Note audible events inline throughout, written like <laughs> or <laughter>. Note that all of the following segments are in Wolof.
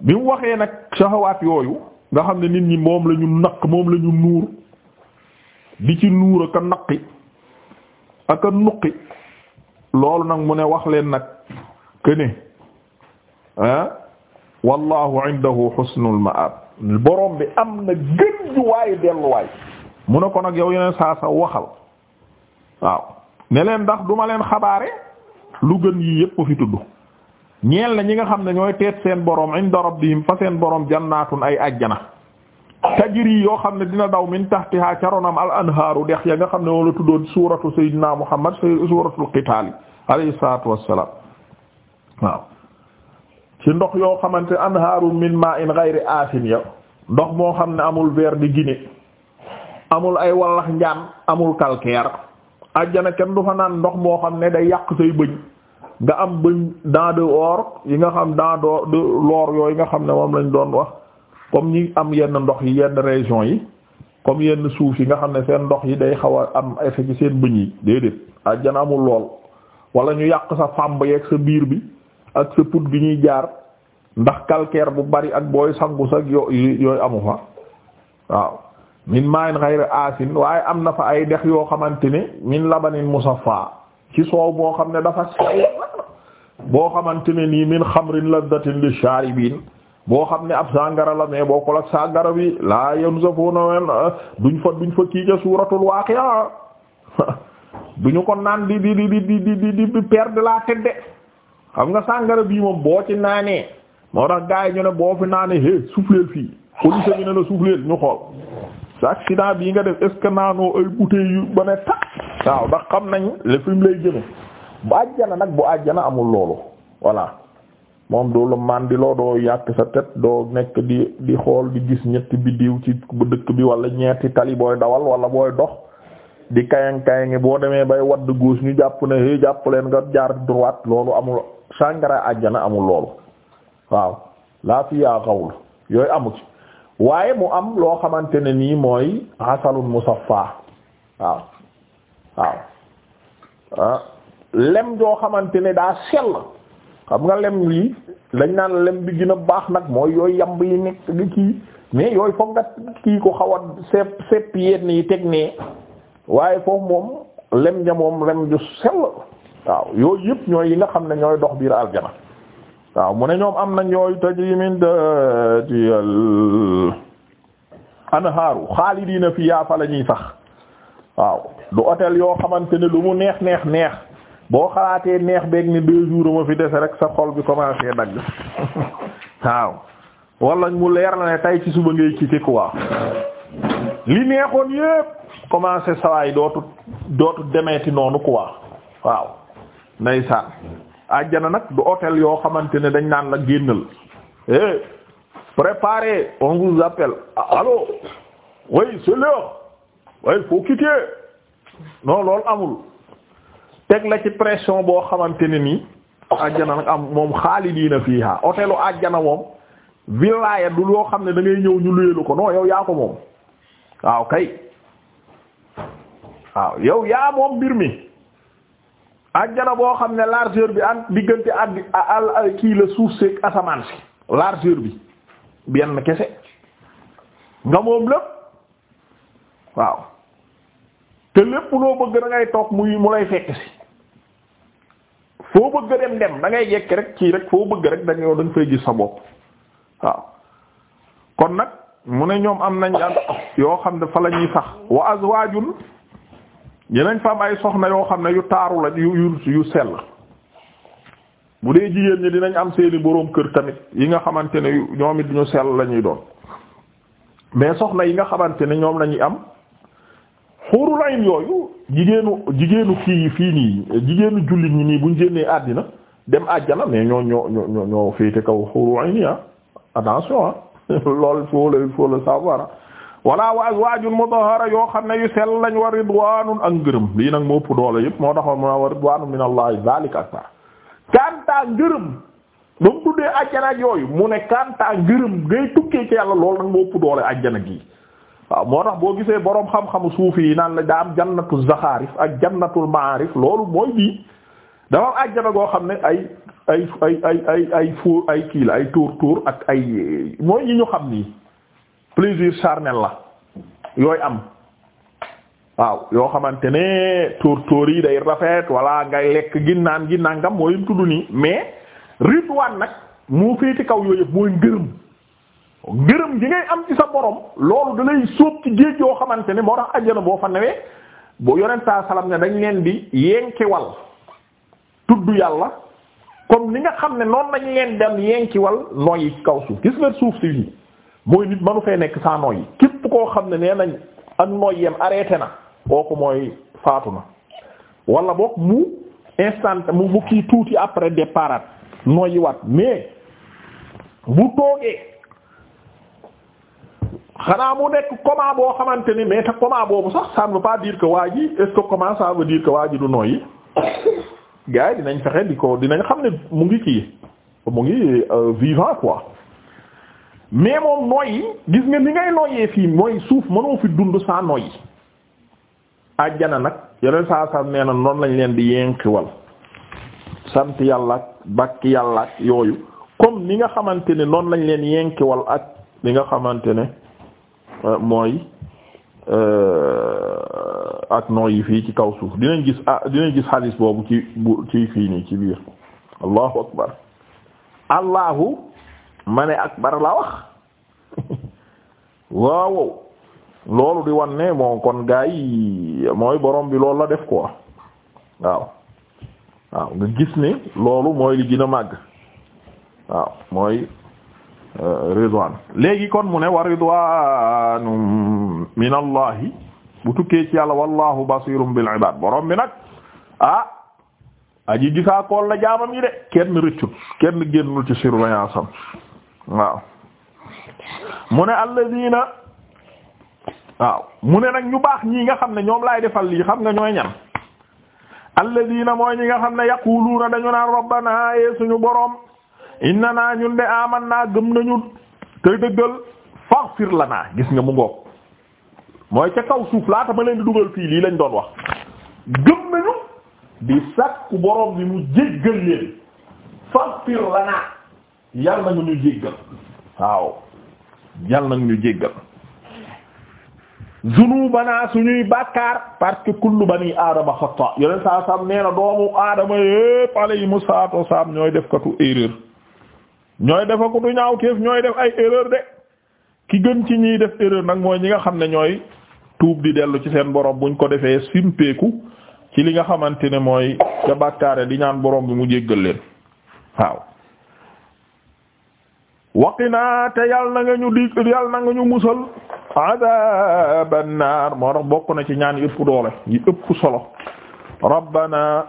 bi mu waxee nag saxawaat yooyu nga xam ne nit ñi moom la ñu moom la ñu nuur di ci nuur ak a naqi ak a nuqi loolu nag mu ne wax leen nag que ne ah wallahu indahu xusnul maab borom bi am na gën ju ne ko nag yow yeneen saa sa waxal waaw ne leen ndax duma leen xabaare lu gën yi yépp fi tudd ñeel na ñi nga xam ne ñooy teet seen borom inda rabbihim fa seen borom jannaatun ay ajjana tajri yoo xam ne dina daw min tahtiha caronam al anhaaru dex ya nga xam ne wala tuddoon suratu sayyidina muhammad suratul qitaal alayhi salaatu wassalaam waaw ci ndox yoo xamante anhaaru min ma'in ghayri asin ya ndox moo xam ne amul ver di amul ay wallax njaan amul calcaire ajjana kenn du fa naan ndox moo xam ne day yàq say bëñ nga am bëñ dent de or yi nga xam dent de l'or yooyu nga xam ne moom lañ doon wax comme ñi am yenn ndox yi yenn région yi comme yenn suuf yi nga xam ne seen ndox yi day xaw a am effet ci seen bëñ yi déedéet àjjana amul lool wala ñu yàq sa fàmb yeeg sa biir bi ak sa put bi ñuy jaar ndax calcaire bu bari ak booy sangu sa yo yooyu amu fa waaw min ma'in ghayr asin waaye am na fa ay dex yoo xamante ne min labanin musaffa ci soow boo xam ne dafa sew boo xamante ne nii min xamrin lazzatin lisharibin boo xam ne ab sangara la mais boo ko la sangara bi laa yenu sa foo nawel duñ fa duñ fa kii ca suuratul waaqi'a <laughs> duñu ko naan di di di di di di di di la tête de xam nga sangara bii moom boo ci naanee moo tax gars yi ñu ne boo fi naanee hé souffleel fii police bi la souffleel ñu xool sa accident bii nga def est naanoo ay bouteilles ba ne tak waaw ndax xam nañ le film lay jëme bu àjjana nag bu àjjana amul loolu voilà moom doo la mandiloo doo yàq sa tet doo nekk di di xool di gis ñetti biddiw ci dëkk bi wala ñeeti tali booy dawal wala booy dox di kayang kayangi boo demee bay wadd gauche ñu jàpp na hé jàpp leen nga jaar droite loolu amul sàngara àjjana amul loolu waaw laa fi xawul yooyu amu waaye mu am loo xamante ne nii mooy asalun musaffa waaw waaw ah, lem joo xamante ne daa sell xam nga lem lii dañ naan lem bi gina a baax nag mooy yooy yamb yi nekk di kii mais yooyu foog nga kii ko xaw a sepp sepp yenn yi teg nee waaye foofu moom lem ja moom lem ju sell waaw yooyu yëpp ñooy yi nga xam ne ñooy dox biir aljana waaw mu ne ñoom am na yooyu tajri min daati al anhaaru xaalidiina fiyaa fa la ñuy sax waaw du otel yoo xamante ne lu mu neex neex neex boo xalaatee neex beeg ni deux jours ma fi dese rek sa xol bi commencé dagg <laughs> waaw wala mu leer na ne tey ci suba ngay quitter quoi li neexoon yépp commencé sawaay dootu dootu demeeti noonu quoi waaw ndeysaan àjjana nag du otel yoo xamante ne dañ naan la génnal eh préparez on vous appelle ah, allô oui c'est l'heure waaye faut quitter non loolu amul teg la ci pression boo xamante ne nii ajjana nag am moom xaalidiina fiiha hôtelu ajjana moom villaya du loo xam ne da ñëw ñu luyeelu ko non yow yaa ko moom waaw kay waaw yow yaa moom mbir mi ajjana boo xam ne largeur bi an diggante addi al kii la suuf si asamaan si largeur bi benn kese nga moom lépp waaw te lépp loo bëgg da ngay toog muy mu lay fekk si foo bëgg dem dem da ngay rek ci rek foo bëgg rek da nga da nga fay gis nag mu ne ñoom am nañ xam ne fa la ñuy sax wa azwaajun dinañ fa ay soxna yoo xam ne yu taaru la yu yu yu sell bu dee jigéen ñi dinañ am seeni boroom kër tamit yi nga xamante ne ñoom it ñu sell lañuy doon mais soxna yi nga xamante ne ñoom lañuy am xuurul ayn yooyu jigéenu jigéenu kii fii nii jigéenu jullit ñi nii buñ génnee àddina dem àjjana mais ñoo ñoo ñoo ñoo féete kaw xuurul ayn ah attention ah <laughs> lool faut le faut waa savoir wala ah. wa yoo xam ne yu sell lañu wa ridwaanun ak ngërëm lii nag moo ëpp doole yëpp moo taxoon mu wa ridwaanun min allahi zalika akbar kanta ngërëm ba mu tuddee àjjana ak yooyu mu ne kanta ngërëm ngay tukkee ci yàlla lool nag moo ëpp doole àjjana gi waaw moo tax boo gisee boroom xam-xamu suufi yi naan la daa am jannatu zaxaarif ak jannatul maarif loolu mooy bii dafa am àjjana goo xam ne ay ay ay ay ay ay kii la ay tuur tuur ak ay mooy yi ñu xam nii plaisir charnel la yooy am waaw yoo xamante ne tuur tuur yi day rafet wala ngay lekk ginnaan ginnaan ngam mooy tudd nii mais ridwaan nag moo féete kaw yooyu yëpp mooy ngërëm ngërëm gi ngay am ci sa borom loolu da lay sóob ci géej yoo xamante ne moo tax ajjana boo fa newee bu yonent saa ne dañ leen di yenkiwal tudd yàlla kon ni nga xam ne noonu lañ leen dem yenkiwal noyyi kaw suuf gis nga suuf si fii mooy nit manu fee nekk saa noyyi képp koo xam ne nee nañ ak noyyeem arrêté na kooku mooy faatu na wala boog mu instant mu mu kii tuuti après départ noyyiwaat mais bu toogee. xanaa mu nekk comment boo xamante ni mais te comment boobu sax waa ji est ji du nooyi <coughs> gars yi dinañ fexe xam ne mu ngi kii mu ngi euh, vivant quoi mais nga ni ngay nooyee fii mooy suuf dund saa nooyi. àjjana nag yeneen saa nee na noonu lañ leen di yënkiwal sant yàlla bakk yàlla yooyu comme ni nga xamante ni noonu lañ leen yënkiwal ak li nga xamante ne. mooy euh, euh, ak noo yi fii ci kaw suuf dinañ gis ah dinañ gis xadiis boobu ci bu ci fii nii ci biir allahu akbar allahu ma ne akbar la wax <laughs> waaw loolu di wan ne bon kon gaa yi mooy borom bi loolu la def ko waaw waaw nga gis ne loolu mooy li gën màgg waaw mooy ridwaan léegi kon mu ne wa ridwaanum minallahi bu tukkee ci yàlla wallahu basirum bil ibad borom bi nag ah aji gisaa kool la jaamam yi de kenn rëccut kenn génnul ci surveillance am waaw mu ne alladina waaw mu ne nag ñu baax ñii nga xam ne ñoom laay defal lii xam nga ñooy ñan alladina mooy ñi nga xam ne yaquluuna dañu naan rabbana eh, suñu borom inna naa ñun de aman naa gëm nañu tey dëggal faghfir lanaa gis nga mu ngoog mooy ca kaw suuf laata ma leen di dugal fii lii lañ doon wax gëm nañu di sakku borom bi mu jéggal leen faghfir lanaa yal nañu ñu jéggal waaw yal nañu ñu jéggal zunubanaa suñuy bàkkaar parce que kullu bani aadama xata yeneen saa sam nee doomu aadama yépp alayhimu salaatu wasalaam ñooy defkatu erreur ñooy defa ko du ñaaw kéef ñooy def ay erreur de ki gën ci ñii def erreur nag mooy ñi nga xam ne ñooy tuub di dellu ci seen borom buñ ko defee simpeeku ci li nga xamante ne mooy ca bàkkaare di ñaan boroom bi mu jéggal leen waaw waqinaa te yal na nga ñu di yal na nga ñu musal adaban naar moo tax bokk na ci ñaan yi ëpp doole yi ëpp solo rabbana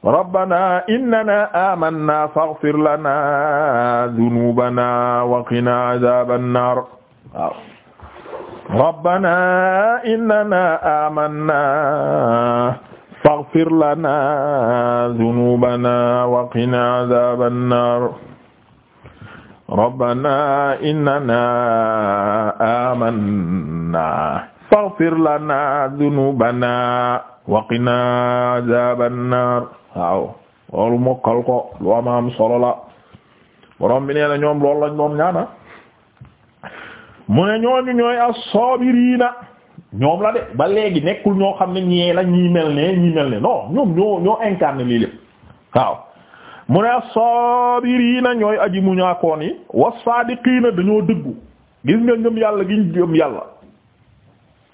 rabbana innana amanna faghfir lana dhunubana wa qina adhaban nar waaw rabbana innana amanna faghfir lana dhunubana wa qina adhaban nar rabbana innana amanna faghfir lana dhunubana wa qina adhaban nar waaw loolu mokkal ko lu am am solo la borom bi nee na ñoom loolu lañ doon ñaana mu ne ñooñu ñooy as na ñoom la de ba léegi nekkul ñoo xam ne ñee la ñii mel ne ñii mel ne non ñoom ñoo ñoo lii lépp waaw mu ne as-sabirina ñooy aji mu ñaakoon yi was na dañoo dëggu gis nga ngëm yàlla gi ngëm yàlla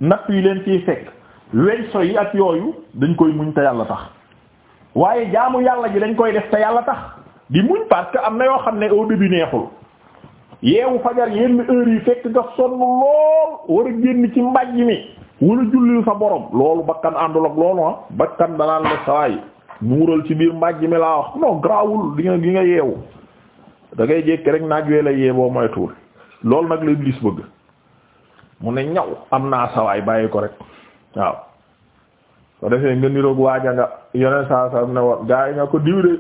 natt yi leen ciy fekk weñ so yi ak yooyu dañ koy muñ te yàlla tax waaye jaamu yàlla ji dañ koy def te yàlla tax di muñ parce am na yoo xam ne au début neexul yeewu fajar yenn heure yi fekk nga sonn lool war a génn ci mbàjj mi wala jullil sa borom loolu bakkan àndul ak loolu ah bakkan danaan la sawaay muural ci biir mbàjj mi laa wax non grawul di nga di nga yeewu da ngay jékki rek naaj wee la yee moytuwul loolu nag la Iblis bëgg mu ne ñaw am naa sawaay bàyyi ko rek waaw soo defee nga niroog waaja nga yeneen saa saa ne gaa yi nga ko diw de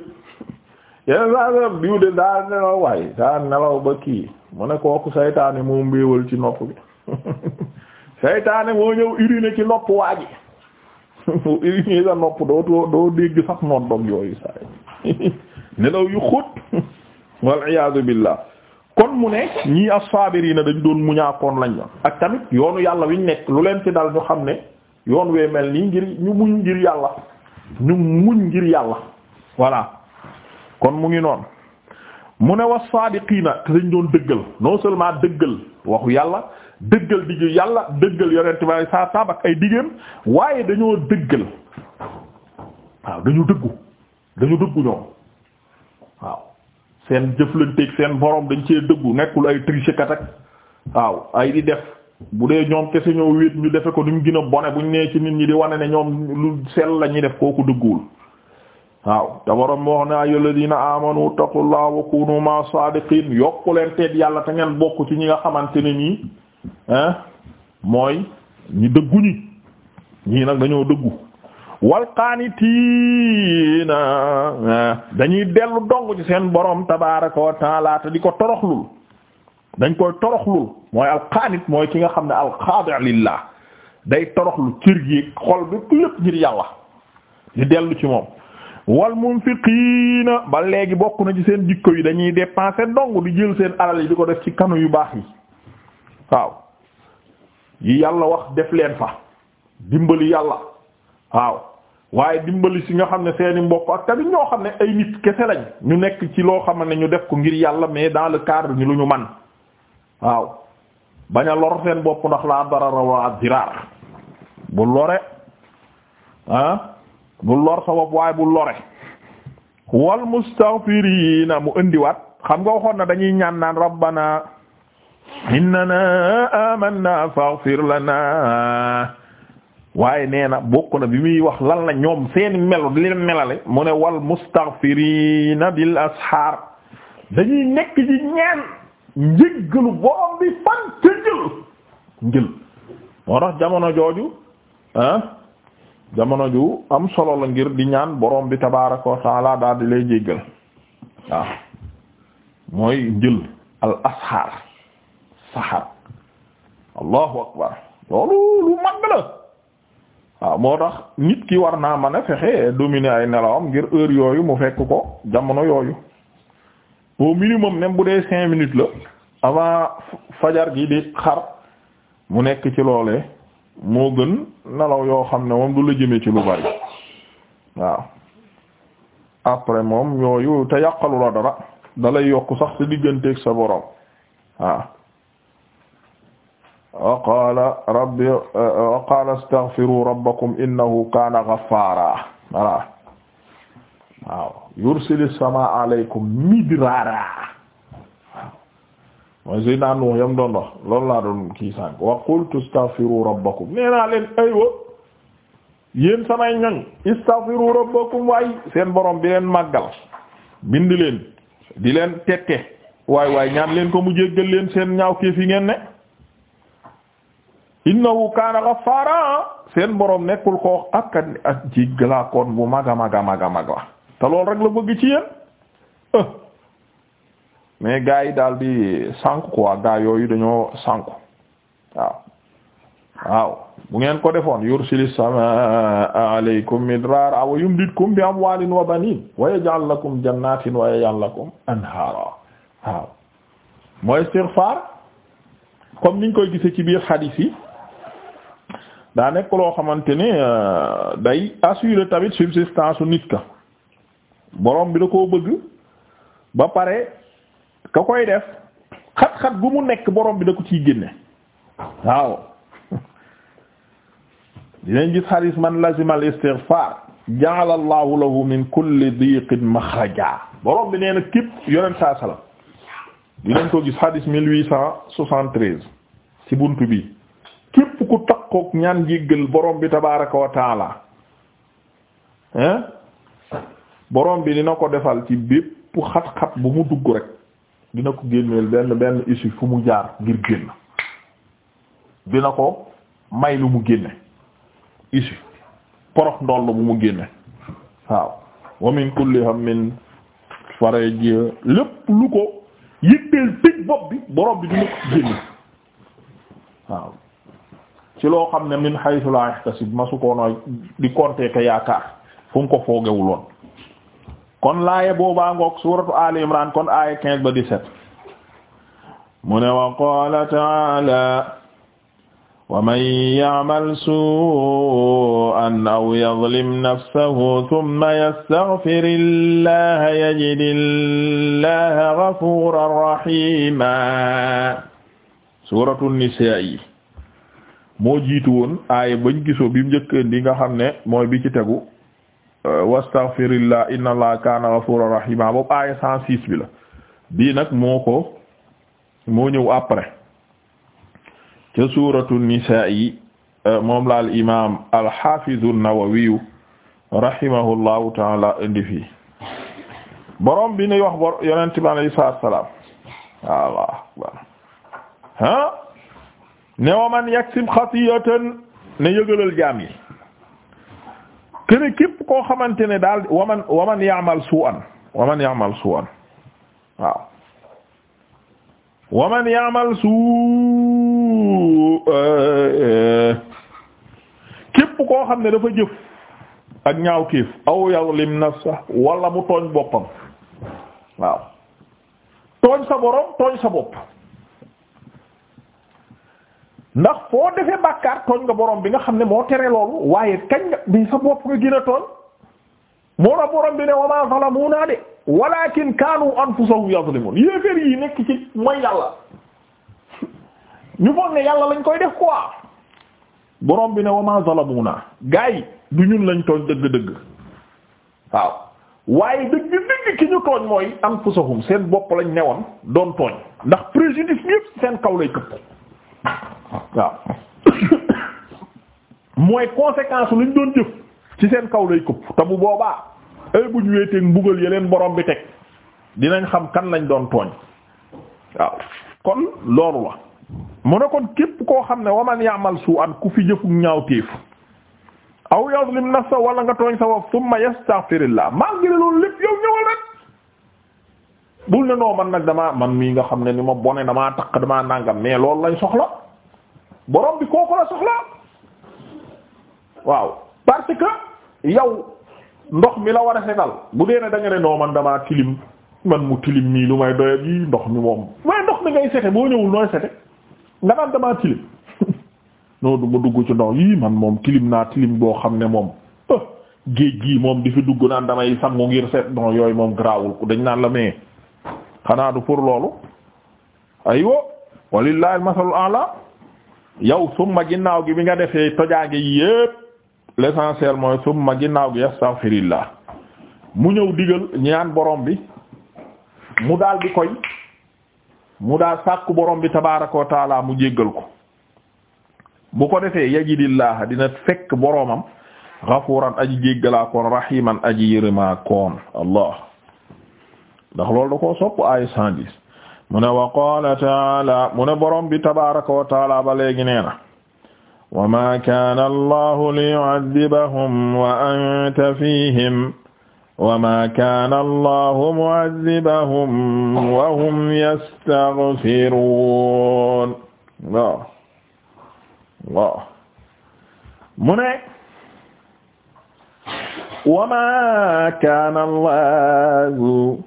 yeneen saa saa diw de daa nelaw waaye daa nelaw ba kii mu ne kooku saytaane moo mbéewal ci nopp bi saytaane <laughs> moo ñëw uriner ci nopp waa ji <laughs> mu uriner yi <laughs> nelaw yu xóot wal iyaazu billaah kon mu ne ñii as-saabiriina dañu doon muñaakoon lañ la ak tamit yoonu yàlla wiñ nekk lu leen ci dal ñu xam ne yoon wee mel nii ngir ñu muñ ngir yàlla ñu muñ ngir yàlla voilà kon mu ngi noon mu ne wa saadiqiina te dañ doon dëggal non seulement dëggal waxu yàlla dëggal diggu yàlla dëggal yonent bi saa saab ak ay diggéem waaye dañoo dëggal waaw dañu dëggu dañu dëggu ñoom waaw seen jëflanteeg seen borom dañ cee dëggu nekkul ay trichekat ak waaw ay di def bu dee ñoom kese ñoo wéet ñu defe ko duñ ñu a bone buñ nee ci nit ñi di wane ne ñoom lu sell la ñuy def kooku dëgguwul waaw te waroon moo wax ne ayyul ladina amanu taqullaha wa kunu ma sadiqin yokku leen teet yàlla te ngeen bokk ci ñi nga xamante ne nii mooy ñi dëggu ñi ñii nag dañoo dëggu wal qaanitiina dañuy dellu dong ci seen borom tabaaraka wa ta'aala te di ko toroxlul dañ koy toroxlul mooy alqaanit mooy ki nga xam ne alqaadi' lillah day toroxlu cër gi xol bi lépp ngir yàlla di dellu ci moom wal munfiqiina ba léegi bokk na ci seen jikko yi dañuy dépenser dong di jël seen alal yi di ko def ci kanu yu baax yi waaw yi yàlla wax def leen fa dimbali yàlla waaw waaye dimbali si nga xam ne seeni mbokk ak tamit ñoo xam ne ay nit kese lañ ñu nekk ci loo xam ne ñu def ko ngir yàlla mais dans le cadre ni lu ñu man waaw bañ a lor seen bopp ndax laa darara wa dirar bu lore ah bu lor sa bopp waaye bu lore wal mustaghfirina mu indiwaat xam nga waxoon na dañuy ñaan naan rabbana innana amanna faghfir lana waaye nee na bokk na bi muy wax lan la ñoom seeni melo di leen melale mu ne wal mustaghfirina bil ashar dañuy nekk ci ñaan njëggalu borom bi fan njël njël moo tax jamono jooju ah jamono ju am solo la ngir di ñaan borom bi tabaaraka wa daal di lay jéggal waaw ah. mooy njël al asxaar saxaar allahu akbar loolu lu mag la waaw ah, moo tax nit ki war naa mën a fexe dominer ay nelawam ngir heure yooyu mu fekk ko jamono yooyu au minimum même bu dee cinq minutes la avant fajar gi di xar mu nekk ci loolee moo gën nelaw yoo xam ne moom du la jëmee ci lu bari waaw après moom yooyu te yàqalu la dara dalay yokk sax ci digganteeg sa borom waaw wa qala rabbi wa qala astaghfiru rabbakum innahu kana ghaffara voilà waaw yursilis sama aleykum midraara waaw mooy suy naan wax yam doon wax loolu laa doon kii sànk wa qultu rabbakum nee naa leen aywa yéen samay ñoñ istaghfiru rabbakum waay seen borom bi leen màggal bind leen di leen tette waay waay ñaan leen ko mu jéggal leen seen ñaaw kéef yi ngeen ne innahu kaana ghaffara seen borom nekkul ko ak ak jéggalaakoon bu maga maga maga maga te loolu rek la bëgg ci yéen mais gars yi daal di sànku quoi gars yooyu dañoo sànku waaw waaw bu ngeen ko defoon yursili samaa alaykum midrara wa yumditkum bi amwalin wa banin wa yaj'al lakum jannatin wa yaj'al lakum anhara waaw mooy istighfar comme niñ koy gise ci biir hadith yi daa nekk loo xamante ne euh, day assurer tamit subsistance u nit ka borom bi da koo bëgg ba pare ka koy def xat-xat gu mu nekk borom bi da ko ciy génne waaw dinañ gis xaris man lazima al istighfar ja'ala allahu lahu min kulli diqin maxraja borom bi nee képp yonent saa dinañ ko gis xadis mille huit cent soixante-treize ci bunt bi képp ku takkook ñaan jéggal borom bi tabaraka wa hein borom bi dina ko defal ci bépp xat-xat bu mu dugg rek dina ko génneel benn benn issue fu mu jaar ngir génn dina ko may lu mu génne issue porox ndoll bu mu génne waaw wa min kulli hammin faraj lépp lu ko yitteel tëj bopp bi borom bi dina ko génne waaw ci loo xam ne min haythu la yahtasib ma su ko nooy di compter yaakaar fu mu ko foogewuloon kon laaye boobaa ngoog suratu ali imran kon aya quinze ba dix-sept mu ne wa qaala taala wa man ya'mal su'an aw yadlim nafsahu thumma yastaghfirillaha yajidillaha ghafuran rahima suratu nisaa moo jiitu woon aaya bañ gisoo bi mu njëkk indi nga xam ne mooy bi ci tegu wastaghfirillah inna allaha kaana ghafuran rahima boobu aaya 106 bi la bii nag moo ko moo ñëw après ca suuratu nisaa yi euh, moom la al imaam al xaafizu nawawiyu rahimahullahu taala indi borom bi ni wax bor yonent bi alayhi salaam ne wa man yaksib ne yëgalal jaam yi kene képp koo xamante ne daal waman waman ya'mal su'an waman ya'mal su'an waaw waman ya'mal su euh, euh, képp koo xam ne dafa jëf ak ñaaw kiif aw yazlim nafsa wala mu tooñ boppam waaw tooñ sa tooñ sa bopp ndax foo defee bàkkaar tooñ nga borom bi nga xam ne moo tere loolu waaye kañ nga bi sa bopp nga gën a tooñ moo tax borom bi ne wa maa zalamuunaa de walakin kaanu anfusahum yazlimuun yéeféer yi nekk ci mooy yàlla ñu foog ne yàlla lañ koy def quoi borom bi ne wa maa zalamuunaa gaa yi du ñun lañ tooñ dëgg-dëgg waaw waaye dëgg-dëgg ki ñu tooñ mooy anfusahum seen bopp lañ newoon doon tooñ ndax préjudice ñépp seen kaw lay këpp waaw mooy conséquence lu ñu doon jëf ci seen kaw lay këpp te bu boobaa ay bu ñu wéeteeg mbugal ya leen borom bi teg dinañ xam kan lañ doon tooñ waaw kon loolu la mu ne kon képp koo xam ne waman ya'mal su'an ku fi jëfug ñaaw téef aw yazlim nafsa wala nga tooñ sa bopp thumma yastaghfirillah malgré loolu lépp yow ñëwal rek bul ne noo man nag damaa man mii nga xam ne ni ma bone damaa taq damaa nàngam mais loolu lañ soxla borom bi kooku la soxla waaw parce que yow ndox mi la war a setal bu dee ne da ne noo man damaa tilim man mu tilim nii lu may doyat yi ndox mi moom waaye ndox mi ngay sete boo ñëwul nooy sete nga naan damaa tilim <laughs> noo du ma dugg ci ndox yii man moom tilim naa tilim boo xam ne moom géej gii moom di fi dugg naan damay sangu ngir seet non yooyu moom garaawul ku dañ naan la mais xanaa du pour loolu aywa walillahi al masalul yow summa ginnaaw gi bi nga defee tojaange yépp l'essentiel mooy summa ginnaaw gi astaghfirullah mu ñëw digal ñaan borom bi mu daal di koy mu daal sàkku borom bi tabaaraka wa taala mu jéggal ko bu ko defee yajidillah dina fekk boromam ghafuran aji jéggalaa koon rahiman aji yërëmaa koon allah ndax loolu da koo sopp ay 110 mu ne wa qaala taala mu ne borom bi tabaraka wa taala ba léegi nee na wa ma kaana allahu liyu'adhibahum wa anta fihim wa ma kaana allahu mu'adhibahum wa hum yastaghfiruun waaw waaw mu ne wa ma kaana allahu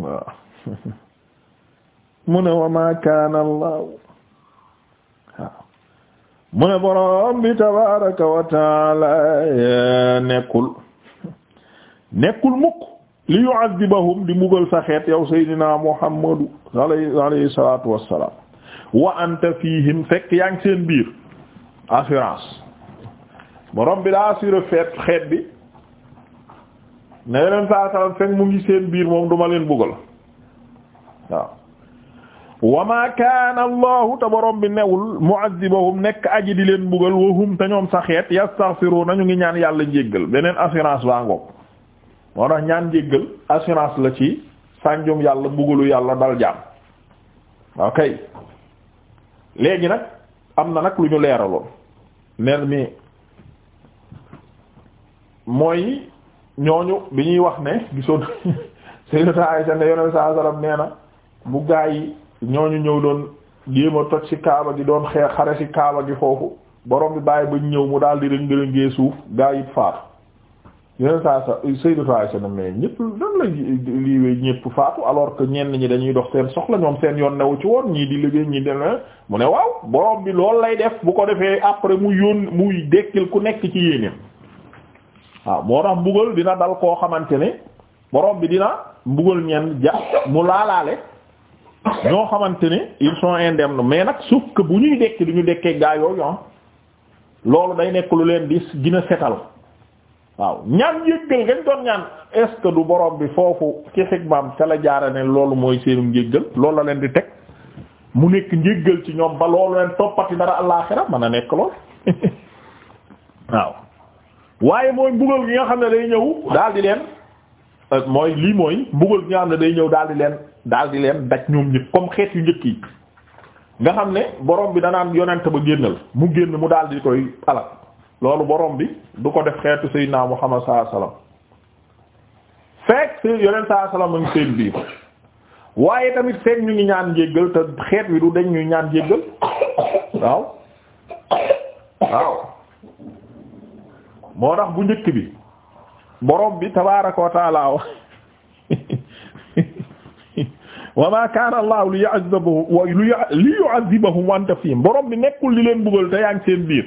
waaw <laughs> mu ne wa ma kaana allah mu ne borom bi tabaraka wa taala nekkul nekkul mukk li yu'adhibahum di mbugal sa xeet yow saydina muhammadu alayhi salatu wassalam wa anta fihim fekk yaa seen biir assurance borom bi daa assuré fekk mu ngi seen biir moom duma leen mbugal waaw wa ma kaana allahu te borom bi newul mu'azzibahum nekk aji di leen mbugal wahum te ñoom sa xeet yastaghfiruna ñu ngi ñaan yàlla njéggal beneen assurance baa ngoog moo tax ñaan njéggal assurance la ci sànjum yàlla mbugalu yàlla dal jaam ok léegi nag am na nag lu ñu leeraloon nel mi mooy ñooñu bi ñuy wax ne gisoon <laughs> Sayyidatu Aisha ne yoneen saa sallam nee na bu gaa ñu ñëw doon jéem a toj ci kaaba gi doon xeex xare ci kaaba gi foofu borom bi bàyyi ñu ñëw mu daal di rëng-rëngee suuf gaa yit faatu yeneen saa sa Seydou Faye na mais ñëpp lan la lii ñëpp faatu alors que ñenn ñi dañuy dox seen soxla ñoom seen yoon newu ci woon ñii di liggéey ñii di mu ne waaw borom bi loolu lay def bu ko defee après mu yón muy dekkil ku nekk ci yéeneen waaw moo tax mbugal dina dal koo xamante ne borom bi dina mbugal ñenn ja mu laalaale. ñoo xamante ne ils sont indemnes mais nag sauf que bu ñuy dekk du ñu dekkee gaa yooyu ah loolu day nekk lu leen di gën a setal waaw ñaan njéggal gañ doon ñaan est-ce que du borom bi foofu ci xigmaam ca la jaara ne loolu mooy seenum njéggal loolu la leen di teg mu nekk njéggal ci ñoom ba loolu leen toppati dara àllaaxira mën a nekk lool <laughs> waaw waaye mooy mbugal gi nga xam ne day ñëw daal di leen mooy lii mooy mbugal gi nga xam ne day ñëw daal di leen daal di leen daj ñoom ñëpp comme xeet yu njëkk yi nga xam ne boroom bi danaan yonent ba génnal mu génn mu daal di koy alal loolu boroom bi du ko def xeetu Seydina Muhammad sallallahu alayhi wasallam fekk si yonent sallallahu alayhi wasallam ngi seen biir waaye tamit fekk ñu ngi ñaan jéggal te xeet wi du dañ ñuy ñaan jéggal waaw waaw moo tax bu njëkk bi borom bi tabaaraka wa wa ma kaana allah li yu'azzibahu wa li yu'azzibahum wa anta fi borom bi nekkul li leen bëggal te yaa seen biir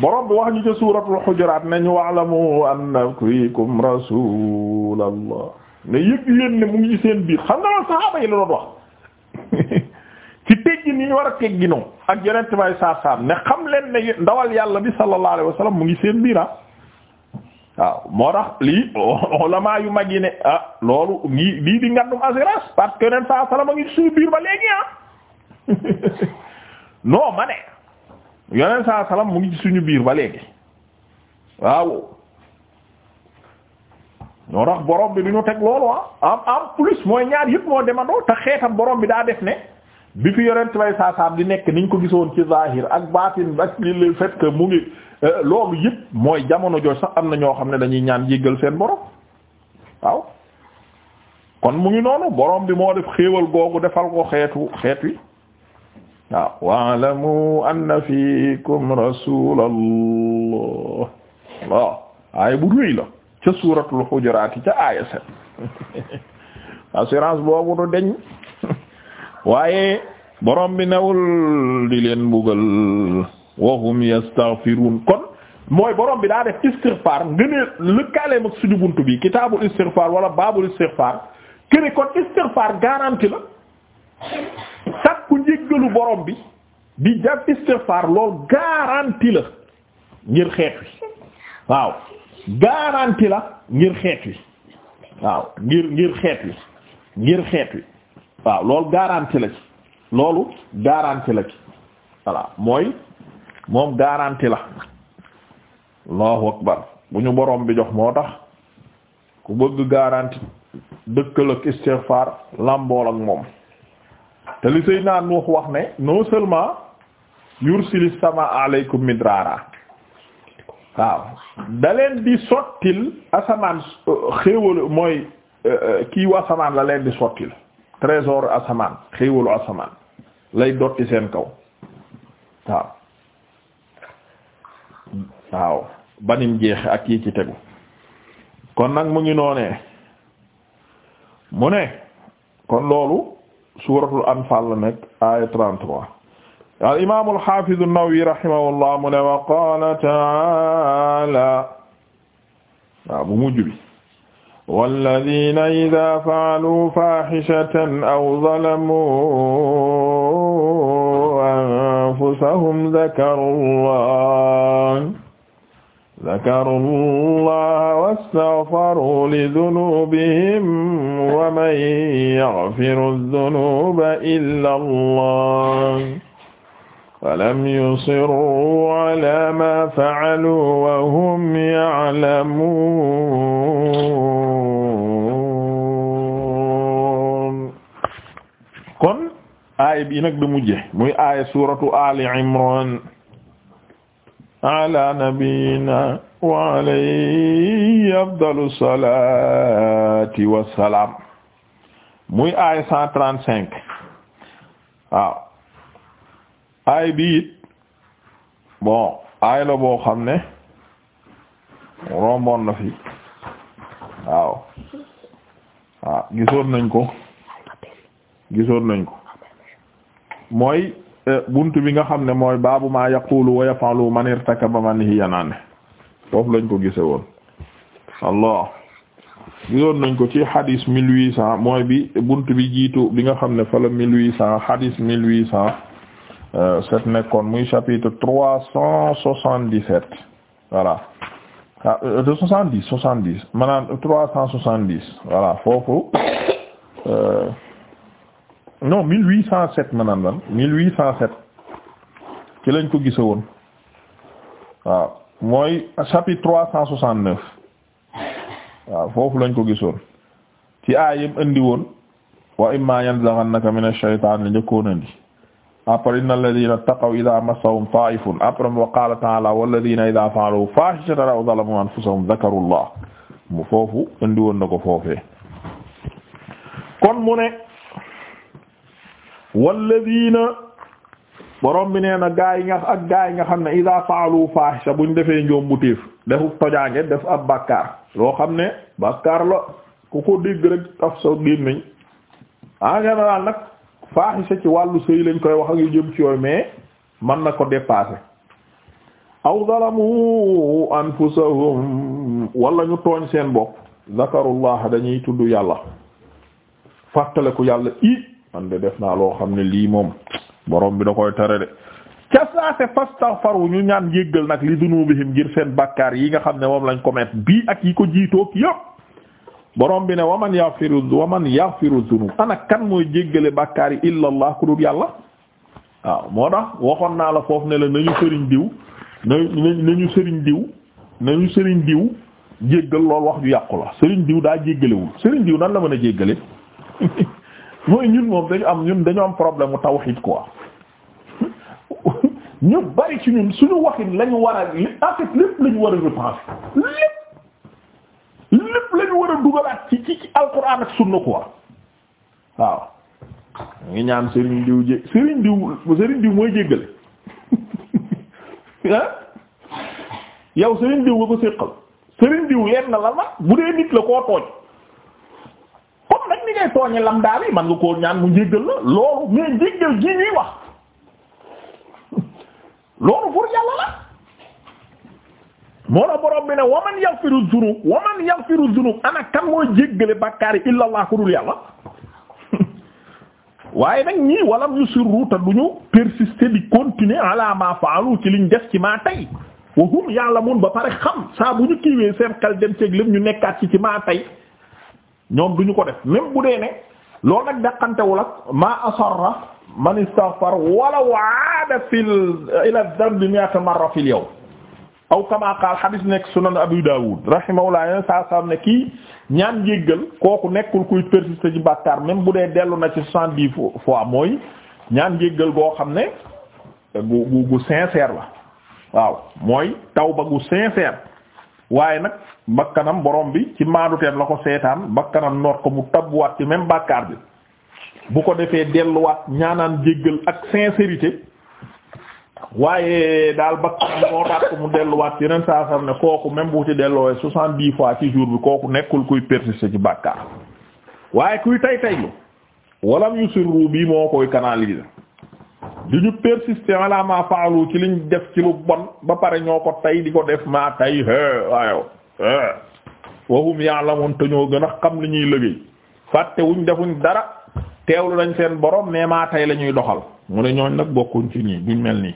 borom bi wax ñu ci suuratul xujuraat nañu wa'lamu anna fiikum rasuulallah ne yëg leen ne mu ngi seen biir xam nga loolu saxaaba yi la doon wax <laughs> ci teggin yi ñu war a tegginoo ak yonent bay saar-saam ne xam leen ne ndawal yàlla bi sallallahu alayhi wa sallam mu ngi seen biir ah waaw moo tax lii <laughs> ulama yu mag yi ne ah loolu lii lii di ngandum assurance parce que ren saa salama ngi suñu biir ba léegi ah <laughs> non ma ne yoneen saa mu ngi suñu biir ba léegi waaw ñoo tax borom bi du teg loolu ah en en mooy ñaar yëpp moo demandoo te xeetam borom bi daa def ne bi fi yonent bay saa saam di nekk niñ ko gisoon ci zahir ak baatin ak li le fait que mu ngi euh, loolu yëpp mooy jamono jooju sax am na ñoo xam ne dañuy ñaan jéggal seen borom waaw kon mu ngi noonu borom bi moo def xéewal googu defal ko xeetu xeet wi waaw wa'lamu anna fiikum rasulallah waaw aaya bu réy la ca suuratul xujuraat ca aaya set <laughs> assurance boobu du deñ <laughs> waaye borom bi newul di leen mbugal wa hum kon mooy borom bi daa def istighfar ngëneel lëkkaaleem ak buntu bi kitaabul istighfar wala baabul istighfar kene kon istighfar garanti la sàkku njéggalu borom bi di jàpp istighfar lool garanti la ngir xeet wi waaw garanti la ngir xeet wi waaw ngir ngir xeet wi ngir xeet wi waaw loolu garanti la ci loolu garanti la ci voilà mooy moom garanti la allahu akbar bu ñu borom bi jox moo tax ku bëgg garanti dëkkal ak istighfar lambool ak moom te li Seydina Nuux wax ne non seulement yursilis sama aleykum midraara waaw da leen di sottil asamaan euh, xéewalu mooy euh, kiiwu asamaan la leen di sottil trésor asamaan xéewalu asamaan lay dotti seen kaw waaw waaw banim jeexe ak yi ci tegu kon nag mu ngi noonee mu ne kon loolu suuratul anfaal la nekk aaya 33 al imaam al haafiz an-Nawawi rahimahullah mu ne wa qaala ta'aala waaw bu mujj bi walladiina izaa fa'aluu faahishatan aw zalamuu anfusahum zakarullah dakaru llaha wastaghfaru lidunubihim wa man yaghfiru dunuba illa allah falam yusirru ala ma fa'alu wa hum ya'lamun kon aaya bi nag da mujje muy aaya suratu ali imran ala nabiina wa alayhi afdalu salaam muy aay cent trente cinq waaw aay bon aay la boo xam ne romboon na fi waaw waaw gisoon nañ ko gisoon nañ ko mooy Eh, buntu bi nga xam ne mooy baabu ma yaqulu wa yafalu man irtakaba manhiyan anhu foofu lañ ko gise woon Allah gisoon nañ ko ci hadis mille huit cent mooy bi buntu bi jiitu bi nga xam ne fala mille huit cent hadis mille huit cent eh, sept nekkoon muy chapitre trois cent soixante-dix-sept voilà ah, euh, de soixante-dix soixante-dix maanaam trois cent soixante-dix voilà foofu <coughs> euh, non 1807 ma naan lan 1807 ci lañ ko gise woon waaw mooy chapitre 369 waaw foofu lañ ko gisoon ci aayam andi woon wa imma yanzaghannaka minash shaytaan la njëkkoon andi après inna alladhina taqaw idha massahum ta'ifun après wa qala ta'ala walladhina idha fa'alu fahishatan aw zalamu anfusahum dhakaru llah mu foofu andi woon na ko foofee kon mu ne walladina borom bi nee na gaa yi nga ak gaa yi nga xam ne ida faalu fahisha ñu defee njombu téef defu tojaange def ab bàkkaar loo xam ne bàkkaar la ku ko dégg rek af sa gémmiñ en général nag fahisha ci wàllu sëy lañ koy wax ak yu jëm ci yooyu mais man na ko dépasser aw zalamu anfusahum wala ñu tooñ seen bopp zakarullah dañuy tudd yàlla fàttaleku yàlla i man de def naa loo xam ne lii moom boroom bi da koy tere de ca saase fastaghfaru ñu ñaan jéggal nag li dunubihim ngir seen bakkaar yi nga xam ne moom lañ ko commettre bii ak yi ko jiitoog yëpp boroom bi ne waman yaghfiru waman yaghfiru dunub ana kan mooy jéggale bakkaar yi illa ku dul yàlla waaw moo tax waxoon naa la foofu ne la nañu sëriñ diw ñu sëriñ diw nañu sëriñ diw jéggal loolu wax ñu yàqu la sëriñ diw daa jéggalewul sëriñ diw nan la mën a jéggale <laughs> mooy ñun moom dañu am ñun dañu am problème mu tawhid quoi <laughs> ñu bari ci ñun suñu waxin lañu war a en lañu war a repenser lépp lépp lañu war a dugalaat ci ci ci alxuraan ak sunna quoi waaw ngi ñaan Serigne Diw jé Serigne Diw Serigne Diw mooy jéggale <laughs> ah yow Serigne Diw nga ko séqal Serigne Diw leen na la bu dee nit la koo tooñ ni ngay tooñe lamdaa bi man nga koo ñaan mu njéggal la loolu mais njéggal gi ñuy wax <laughs> loolu pour yàlla la moo la borom bi ne waman yaghfiru dhunub waman yaghfiru dhunub ana mooy jéggale bàkkaar illallah ku dul yàlla <laughs> waaye nag ñii walam yusirru te duñu persister di continuer ala faalu ci liñ def ci maa tey wa hum ya'lamun ba pare xam saa bu ñu kiiwee seen xel dem ceeg lépp ñu nekkaat ci ci maa tey ñoom duñu ko def même bu dee ne loolu nag daqantewul ak ma asarra man istaghfar wala waada fil ila dhanbi mi'ata marra fil aw kama hadith nekk sunan Abu Dawud rahimahullah yeneen saa saa ne kii ñaan jéggal kooku nekkul kuy persister ci bàkkaar même bu dee dellu na ci soixante-dix fois mooy ñaan jéggal goo xam ne gu gu gu sincère la waaw mooy tawba gu sincère waaye nag bakkanam borom bi ci maanuteem la ko seetaan bakkanam noot ko mu tabbuwaat ci même bàkkaar bi bu ko defee delluwaat ñaanaan jéggal ak sincérité waaye daal bakkanam nootaat ko mu delluwaat ci ren saa sam ne kooku même bu ci delloowee soixante-dix fois ci jour bi kooku nekkul kuy persister ci bàkkaar waaye kuy tay taylu walam yusirru bi moo koy canaliser du ñu persister ala ma faalu ci liñ def ci lu bon ba pare ñoo ko tey di ko def maa tay hee waayo hee wahum ya'lamun te gën a xam li ñuy liggéey fàtte wuñ defuñ dara teewlu nañ seen borom mais maa tay la ñuy doxal mu ne ñooñ nag bokkuñ ci nii duñ mel nii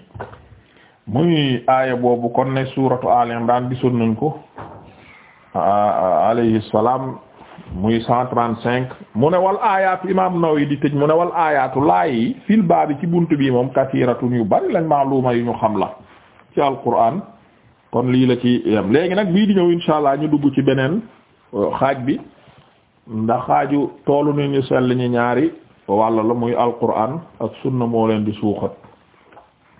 muy aaye boobu kon ne suuratu Al Imran gisoon nañ ko alayhi muy cent trente cinq mu ne wal aayaatu imaam Nawawi di tëj mu ne wal aayaatu laay yi fil baabi ci bunt bii moom kasiiratun yu bari lañ maaluma yu ñu xam la ci alquran kon lii la ci yem léegi nag bii di ñëw insha allah ñu dugg ci beneen euh, xaaj bi ndax xaaju toolu ni ñu sell ñi ñaari wàlla la muy alquran ak sunna moo leen di suuxat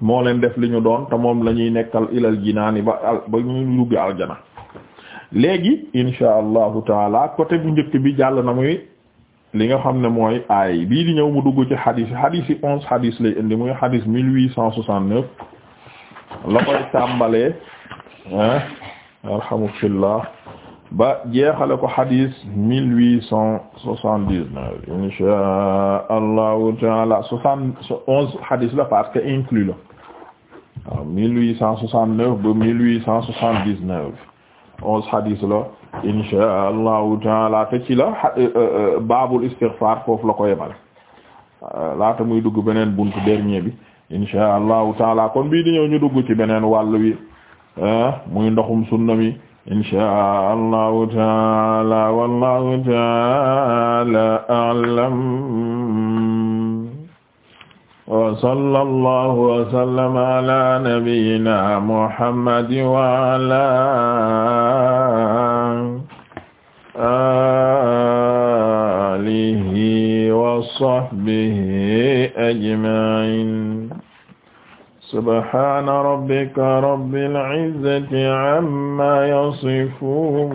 moo leen def li ñu doon te moom la ñuy nekkal ilal jinaani ba al ba ñu dugg aljana léegi insha allah taala côté bu njëkk bi jàll na muy li nga xam ne mooy ay bii di ñëw mu dugg ci xadis yi xadis yi onze xadis lay indi muy xadis mille huit cent soixante la koy tàmbalee ah alhamdulillah ba jeexale ko xadis mille huit cent soixante onze xadis la parce que inclus la waaw mille huit cent ba onze hadis la insha allahu taala te ci la euh, euh, baabul istighfar foofu la ko yemale euh, laata muy dugg beneen buntu dernier bi insha allahu taala kon bii ñëw ñu dugg ci beneen wàll wi muy ndoxum sunna mi insha allahu taala wallahu taala a'lam wa sallallahu wa sallama ala nabiyyina Muhammad wa ala alihi wa sahbihi ajma'in subhana rabbika rabbil izzati amma yasifun